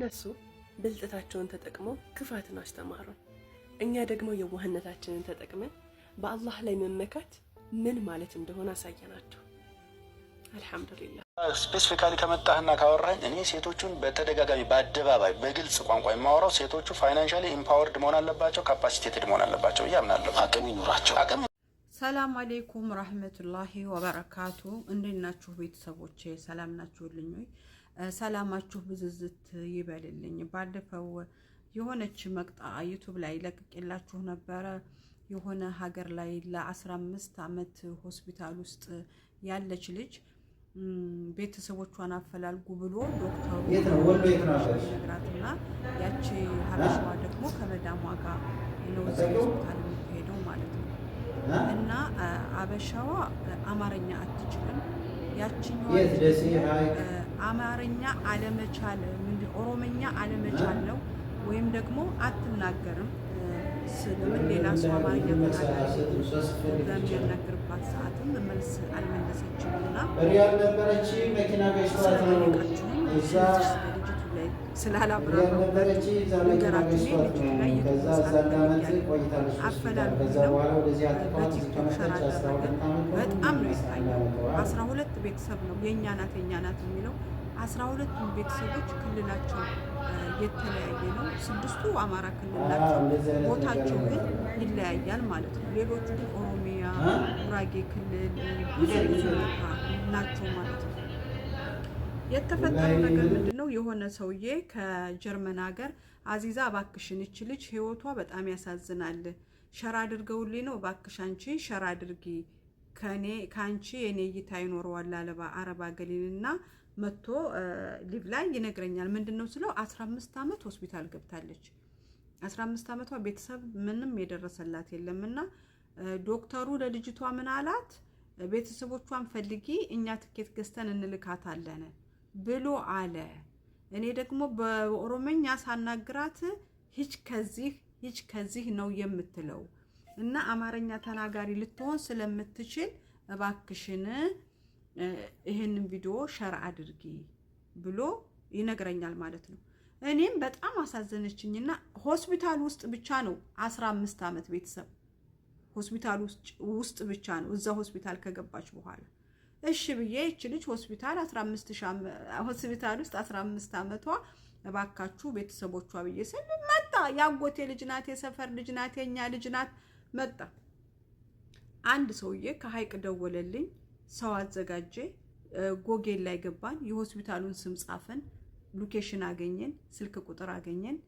እነሱ ብልጥታቸውን ተጠቅመው ክፋትን አስተማሩ። እኛ ደግሞ የዋህነታችንን ተጠቅመን በአላህ ላይ መመካት ምን ማለት እንደሆነ አሳየናቸው። አልሐምዱሊላህ። ስፔሲፊካሊ ከመጣህና ካወራኝ እኔ ሴቶቹን በተደጋጋሚ በአደባባይ በግልጽ ቋንቋ የማወራው ሴቶቹ ፋይናንሻሊ ኢምፓወርድ መሆን አለባቸው፣ ካፓሲቴትድ መሆን አለባቸው ብዬ አምናለሁ። አቅም ይኑራቸው። ሰላም አሌይኩም ረህመቱላሂ ወበረካቱ። እንዴት ናችሁ ቤተሰቦቼ? ሰላም ናችሁልኝ? ሰላማችሁ ብዝዝት ይበልልኝ። ባለፈው የሆነች መቅጣ ዩቱብ ላይ ለቅቄላችሁ ነበረ። የሆነ ሀገር ላይ ለአስራ አምስት አመት ሆስፒታል ውስጥ ያለች ልጅ ቤተሰቦቿን አፈላልጉ ብሎ ዶክተሩ ነግራትና ያቺ ሀበሻዋ ደግሞ ከመዳሟ ጋር ነው እዚህ ሆስፒታል የምትሄደው ማለት ነው። እና አበሻዋ አማርኛ አትችልም። ያችኛዋ አማርኛ አለመቻል ኦሮመኛ አለመቻል ነው፣ ወይም ደግሞ አትናገርም ስለምን ሌላ ሰው አማርኛ ተናጋሪ በሚያናግርባት ሰዓትም መልስ አልመለሰችም እና ስላላብራሩ ነገራችን ልጅቱ ነው አስራ ሁለት ቤተሰብ ነው የእኛ ናት የእኛ ናት የሚለው አስራ ሁለቱም ቤተሰቦች ክልላቸው የተለያየ ነው። ስድስቱ አማራ ክልል ናቸው። ቦታቸው ግን ይለያያል ማለት ነው። ሌሎቹ ግን ኦሮሚያ፣ ጉራጌ ክልል ብዙ ናቸው ማለት ነው። የተፈጠረው ነገር ምንድን ነው? የሆነ ሰውዬ ከጀርመን ሀገር አዚዛ እባክሽን እች ልጅ ህይወቷ በጣም ያሳዝናል፣ ሸራ አድርገውልኝ ነው እባክሽ አንቺ ሸራ አድርጊ ከአንቺ የኔ እይታ ይኖረዋል አለባ አረብ ገሊልና መጥቶ ሊቭ ላይ ይነግረኛል። ምንድን ነው ስለው 15 ዓመት ሆስፒታል ገብታለች። 15 ዓመቷ ቤተሰብ ምንም የደረሰላት የለምና ዶክተሩ ለልጅቷ ምን አላት? ቤተሰቦቿን ፈልጊ፣ እኛ ትኬት ገዝተን እንልካታለን ብሎ አለ። እኔ ደግሞ በኦሮመኛ ሳናግራት ሂጅ ከዚህ ሂጅ ከዚህ ነው የምትለው እና አማርኛ ተናጋሪ ልትሆን ስለምትችል እባክሽን ይህንን ቪዲዮ ሸር አድርጊ ብሎ ይነግረኛል ማለት ነው። እኔም በጣም አሳዘነችኝና ሆስፒታል ውስጥ ብቻ ነው አስራ አምስት ዓመት ቤተሰብ ሆስፒታል ውስጥ ብቻ ነው እዛ ሆስፒታል ከገባች በኋላ እሺ ብዬ ይች ልጅ ሆስፒታል ሆስፒታል ውስጥ 15 ዓመቷ እባካችሁ ቤተሰቦቿ ብዬ ስል መጣ። የአጎቴ ልጅ ናት፣ የሰፈር ልጅ ናት፣ የእኛ ልጅ ናት። መጣ አንድ ሰውዬ ከሀይቅ ደወለልኝ። ሰው አዘጋጀ። ጎጌል ላይ ገባን። የሆስፒታሉን ስም ጻፍን፣ ሎኬሽን አገኘን፣ ስልክ ቁጥር አገኘን።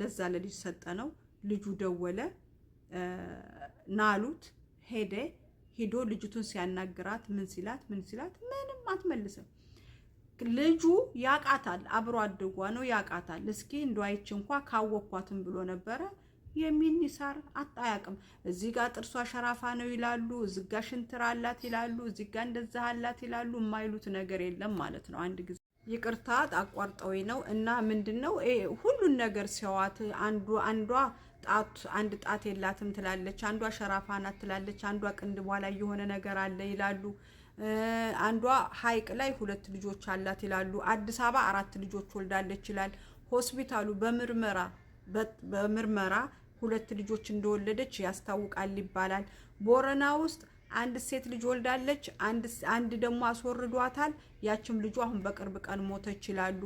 ለዛ ለልጅ ሰጠነው። ልጁ ደወለ ናሉት ሄደ ሄዶ ልጅቱን ሲያናግራት ምን ሲላት ምን ሲላት ምንም አትመልስም። ልጁ ያቃታል፣ አብሮ አድጓ ነው ያቃታል። እስኪ እንደዋይች እንኳ ካወኳትም ብሎ ነበረ የሚኒሳር አጣያቅም። እዚህ ጋር ጥርሷ ሸራፋ ነው ይላሉ፣ እዚህ ጋር ሽንትራ አላት ይላሉ፣ እዚህ ጋር እንደዛ አላት ይላሉ። የማይሉት ነገር የለም ማለት ነው። አንድ ጊዜ ይቅርታ አቋርጠው ነው እና ምንድን ነው ሁሉን ነገር ሲያዋት አንዷ አንድ ጣት የላትም ትላለች፣ አንዷ ሸራፋ ናት ትላለች፣ አንዷ ቅንድቧ ላይ የሆነ ነገር አለ ይላሉ። አንዷ ሀይቅ ላይ ሁለት ልጆች አላት ይላሉ። አዲስ አበባ አራት ልጆች ወልዳለች ይላል። ሆስፒታሉ በምርመራ በምርመራ ሁለት ልጆች እንደወለደች ያስታውቃል ይባላል። ቦረና ውስጥ አንድ ሴት ልጅ ወልዳለች፣ አንድ ደግሞ አስወርዷታል። ያችም ልጁ አሁን በቅርብ ቀን ሞተች ይላሉ።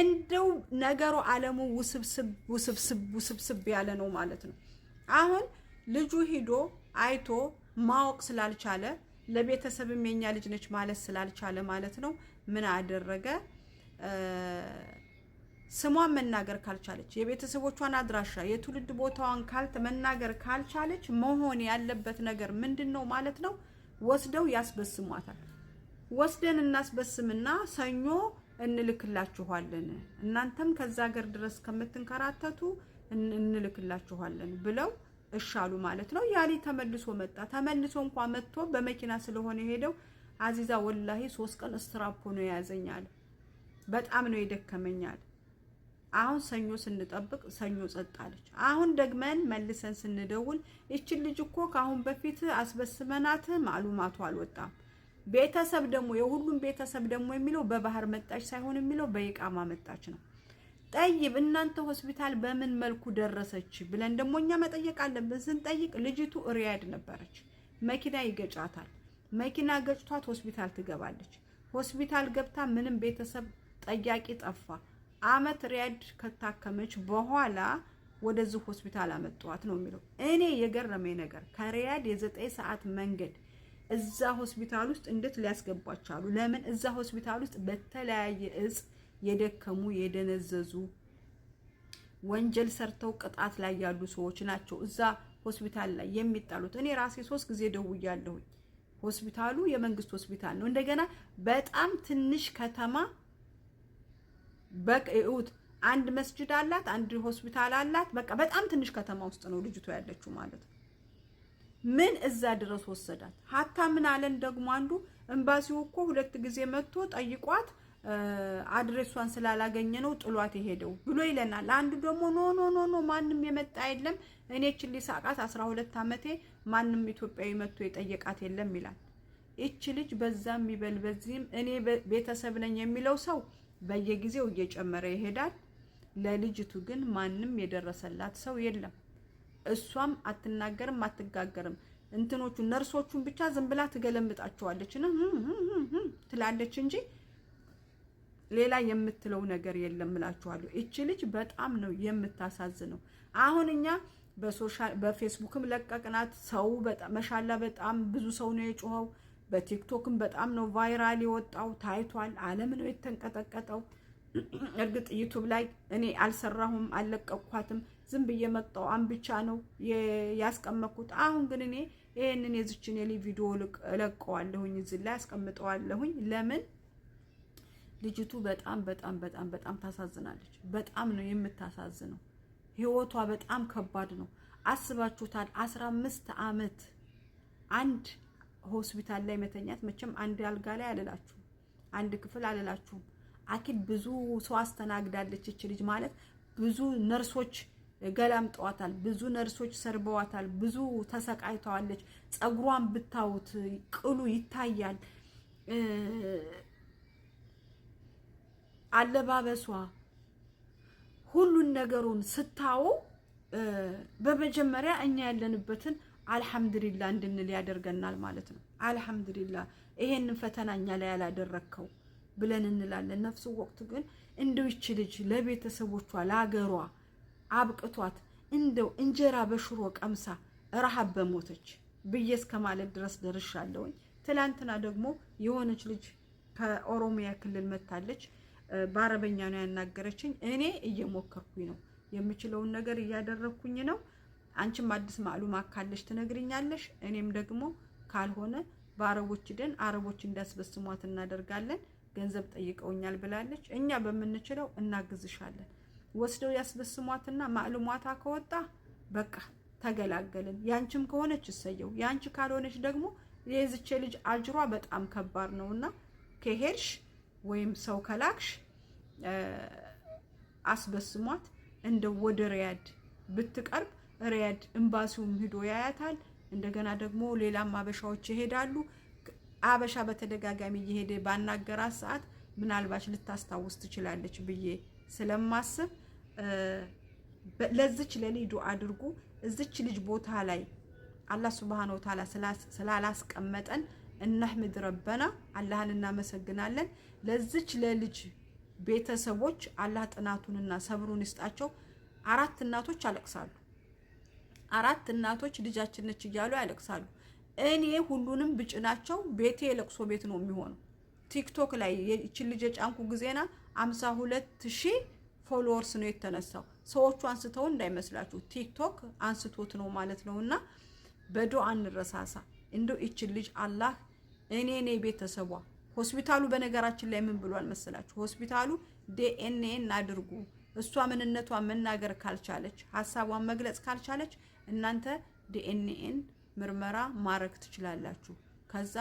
እንደው ነገሩ አለሙ ውስብስብ ውስብስብ ውስብስብ ያለ ነው ማለት ነው። አሁን ልጁ ሂዶ አይቶ ማወቅ ስላልቻለ ለቤተሰብም የኛ ልጅ ነች ማለት ስላልቻለ ማለት ነው ምን አደረገ? ስሟን መናገር ካልቻለች የቤተሰቦቿን አድራሻ የትውልድ ቦታዋን ካልተ መናገር ካልቻለች መሆን ያለበት ነገር ምንድን ነው ማለት ነው? ወስደው ያስበስሟታል። ወስደን እናስበስምና ሰኞ እንልክላችኋለን እናንተም ከዛ ሀገር ድረስ ከምትንከራተቱ እንልክላችኋለን ብለው እሻሉ ማለት ነው። ያሌ ተመልሶ መጣ። ተመልሶ እንኳ መጥቶ በመኪና ስለሆነ ሄደው አዚዛ ወላሂ ሶስት ቀን እስትራፖ ነው የያዘኛል። በጣም ነው የደከመኛል። አሁን ሰኞ ስንጠብቅ ሰኞ ጸጥ አለች። አሁን ደግመን መልሰን ስንደውል ይችን ልጅ እኮ ከአሁን በፊት አስበስመናት ማሉማቱ አልወጣም ቤተሰብ ደግሞ የሁሉም ቤተሰብ ደግሞ የሚለው በባህር መጣች ሳይሆን የሚለው በኢቃማ መጣች ነው። ጠይብ እናንተ ሆስፒታል በምን መልኩ ደረሰች ብለን ደግሞ እኛ መጠየቅ አለብን። ስንጠይቅ ልጅቱ ሪያድ ነበረች። መኪና ይገጫታል። መኪና ገጭቷት ሆስፒታል ትገባለች። ሆስፒታል ገብታ ምንም ቤተሰብ ጠያቂ ጠፋ። አመት ሪያድ ከታከመች በኋላ ወደዚህ ሆስፒታል አመጧት ነው የሚለው። እኔ የገረመኝ ነገር ከሪያድ የዘጠኝ ሰዓት መንገድ እዛ ሆስፒታል ውስጥ እንዴት ሊያስገባቻሉ? ለምን እዛ ሆስፒታል ውስጥ በተለያየ እጽ የደከሙ የደነዘዙ ወንጀል ሰርተው ቅጣት ላይ ያሉ ሰዎች ናቸው እዛ ሆስፒታል ላይ የሚጣሉት። እኔ ራሴ ሶስት ጊዜ ደውያለሁኝ። ሆስፒታሉ የመንግስት ሆስፒታል ነው። እንደገና በጣም ትንሽ ከተማ በቅዑት አንድ መስጅድ አላት፣ አንድ ሆስፒታል አላት። በቃ በጣም ትንሽ ከተማ ውስጥ ነው ልጅቷ ያለችው ማለት ነው። ምን እዛ ድረስ ወሰዳት። ሀታ ምን አለን ደግሞ አንዱ ኤምባሲው እኮ ሁለት ጊዜ መጥቶ ጠይቋት አድሬሷን ስላላገኘ ነው ጥሏት የሄደው ብሎ ይለናል። አንዱ ደግሞ ኖ ኖ ኖ ኖ ማንም የመጣ የለም እኔችን ሳቃት አስራ ሁለት ዓመቴ ማንም ኢትዮጵያዊ መጥቶ የጠየቃት የለም ይላል። ይች ልጅ በዛም ይበል በዚህም እኔ ቤተሰብ ነኝ የሚለው ሰው በየጊዜው እየጨመረ ይሄዳል። ለልጅቱ ግን ማንም የደረሰላት ሰው የለም። እሷም አትናገርም አትጋገርም። እንትኖቹ ነርሶቹን ብቻ ዝም ብላ ትገለምጣቸዋለች ትላለች እንጂ ሌላ የምትለው ነገር የለም እላችኋለሁ። እቺ ልጅ በጣም ነው የምታሳዝነው። አሁን እኛ በሶሻል በፌስቡክም ለቀቅናት። ሰው በጣም መሻላ በጣም ብዙ ሰው ነው የጮኸው። በቲክቶክም በጣም ነው ቫይራል የወጣው ታይቷል። ዓለም ነው የተንቀጠቀጠው። እርግጥ ዩቱብ ላይ እኔ አልሰራሁም አልለቀኳትም። ዝም ብዬ መጣው አን ብቻ ነው ያስቀመጥኩት። አሁን ግን እኔ ይህንን የዝችን የሊ ቪዲዮ እለቀዋለሁኝ እዚህ ላይ አስቀምጠዋለሁኝ። ለምን ልጅቱ በጣም በጣም በጣም በጣም ታሳዝናለች። በጣም ነው የምታሳዝነው። ህይወቷ በጣም ከባድ ነው። አስባችሁታል? አስራ አምስት አመት አንድ ሆስፒታል ላይ መተኛት። መቼም አንድ አልጋ ላይ አልላችሁም፣ አንድ ክፍል አልላችሁም አኪድ ብዙ ሰው አስተናግዳለች እች ልጅ ማለት ብዙ ነርሶች ገላምጠዋታል፣ ብዙ ነርሶች ሰርበዋታል፣ ብዙ ተሰቃይተዋለች። ፀጉሯን ብታዩት ቅሉ ይታያል። አለባበሷ ሁሉን ነገሩን ስታው በመጀመሪያ እኛ ያለንበትን አልሐምድሊላ እንድንል ያደርገናል ማለት ነው። አልሐምድሊላ ይሄንን ፈተና እኛ ላይ ያላደረግከው ብለን እንላለን። ነፍስ ወቅቱ ግን እንደው ይች ልጅ ለቤተሰቦቿ ለአገሯ አብቅቷት እንደው እንጀራ በሽሮ ቀምሳ ረሃብ በሞተች ብዬ እስከ ማለት ድረስ ደርሻለሁኝ። ትላንትና ደግሞ የሆነች ልጅ ከኦሮሚያ ክልል መታለች። በአረበኛ ነው ያናገረችኝ። እኔ እየሞከርኩኝ ነው፣ የምችለውን ነገር እያደረግኩኝ ነው። አንቺም አዲስ ማዕሉማ አካለች ትነግርኛለሽ። እኔም ደግሞ ካልሆነ በአረቦች ደን አረቦች እንዲያስበስሟት እናደርጋለን። ገንዘብ ጠይቀውኛል ብላለች። እኛ በምንችለው እናግዝሻለን። ወስደው ያስበስሟትና ማዕልሟታ ከወጣ በቃ ተገላገልን። ያንቺም ከሆነች እሰየው፣ ያንቺ ካልሆነች ደግሞ የዝቼ ልጅ አጅሯ በጣም ከባድ ነውና ከሄድሽ ወይም ሰው ከላክሽ አስበስሟት እንደ ወደ ሪያድ ብትቀርብ ሪያድ ኤምባሲውም ሂዶ ያያታል። እንደገና ደግሞ ሌላም አበሻዎች ይሄዳሉ። አበሻ በተደጋጋሚ እየሄደ ባናገራት ሰዓት ምናልባች ልታስታውስ ትችላለች ብዬ ስለማስብ ለዚች ለልጅ ዱ አድርጉ። እዚች ልጅ ቦታ ላይ አላህ ሱብሃነሁ ወተዓላ ስላላስቀመጠን እናህምድ ረበና አላህን እናመሰግናለን። ለዚች ለልጅ ቤተሰቦች አላህ ጥናቱንና ሰብሩን ይስጣቸው። አራት እናቶች ያለቅሳሉ። አራት እናቶች ልጃችን ነች እያሉ ያለቅሳሉ። እኔ ሁሉንም ብጭናቸው ቤቴ የለቅሶ ቤት ነው የሚሆነው። ቲክቶክ ላይ ይችን ልጅ የጫንኩ ጊዜና አምሳ ሁለት ሺህ ፎሎወርስ ነው የተነሳው። ሰዎቹ አንስተው እንዳይመስላችሁ ቲክቶክ አንስቶት ነው ማለት ነው። እና በዶ አንረሳሳ እንደው ይችን ልጅ አላህ እኔ ኔ ቤተሰቧ ሆስፒታሉ፣ በነገራችን ላይ ምን ብሏል መሰላችሁ? ሆስፒታሉ ዲኤንኤ እናድርጉ እሷ ምንነቷን መናገር ካልቻለች፣ ሀሳቧን መግለጽ ካልቻለች እናንተ ዲኤንኤን ምርመራ ማድረግ ትችላላችሁ። ከዛ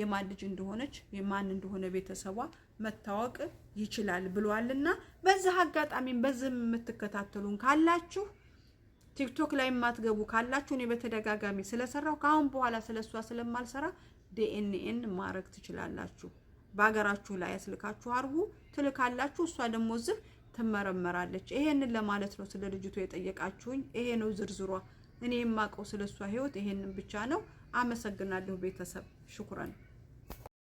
የማን ልጅ እንደሆነች የማን እንደሆነ ቤተሰቧ መታወቅ ይችላል ብሏልና በዚህ አጋጣሚም በዚህ የምትከታተሉን ካላችሁ ቲክቶክ ላይ የማትገቡ ካላችሁ እኔ በተደጋጋሚ ስለሰራው ከአሁን በኋላ ስለሷ ስለማልሰራ ዲኤንኤን ማድረግ ትችላላችሁ። በሀገራችሁ ላይ ያስልካችሁ አርጉ ትልካላችሁ። እሷ ደግሞ ዝህ ትመረመራለች። ይሄንን ለማለት ነው ስለ ልጅቱ የጠየቃችሁኝ። ይሄ ነው ዝርዝሯ። እኔ የማውቀው ስለሷ ህይወት ይሄንን ብቻ ነው። አመሰግናለሁ ቤተሰብ፣ ሽኩረን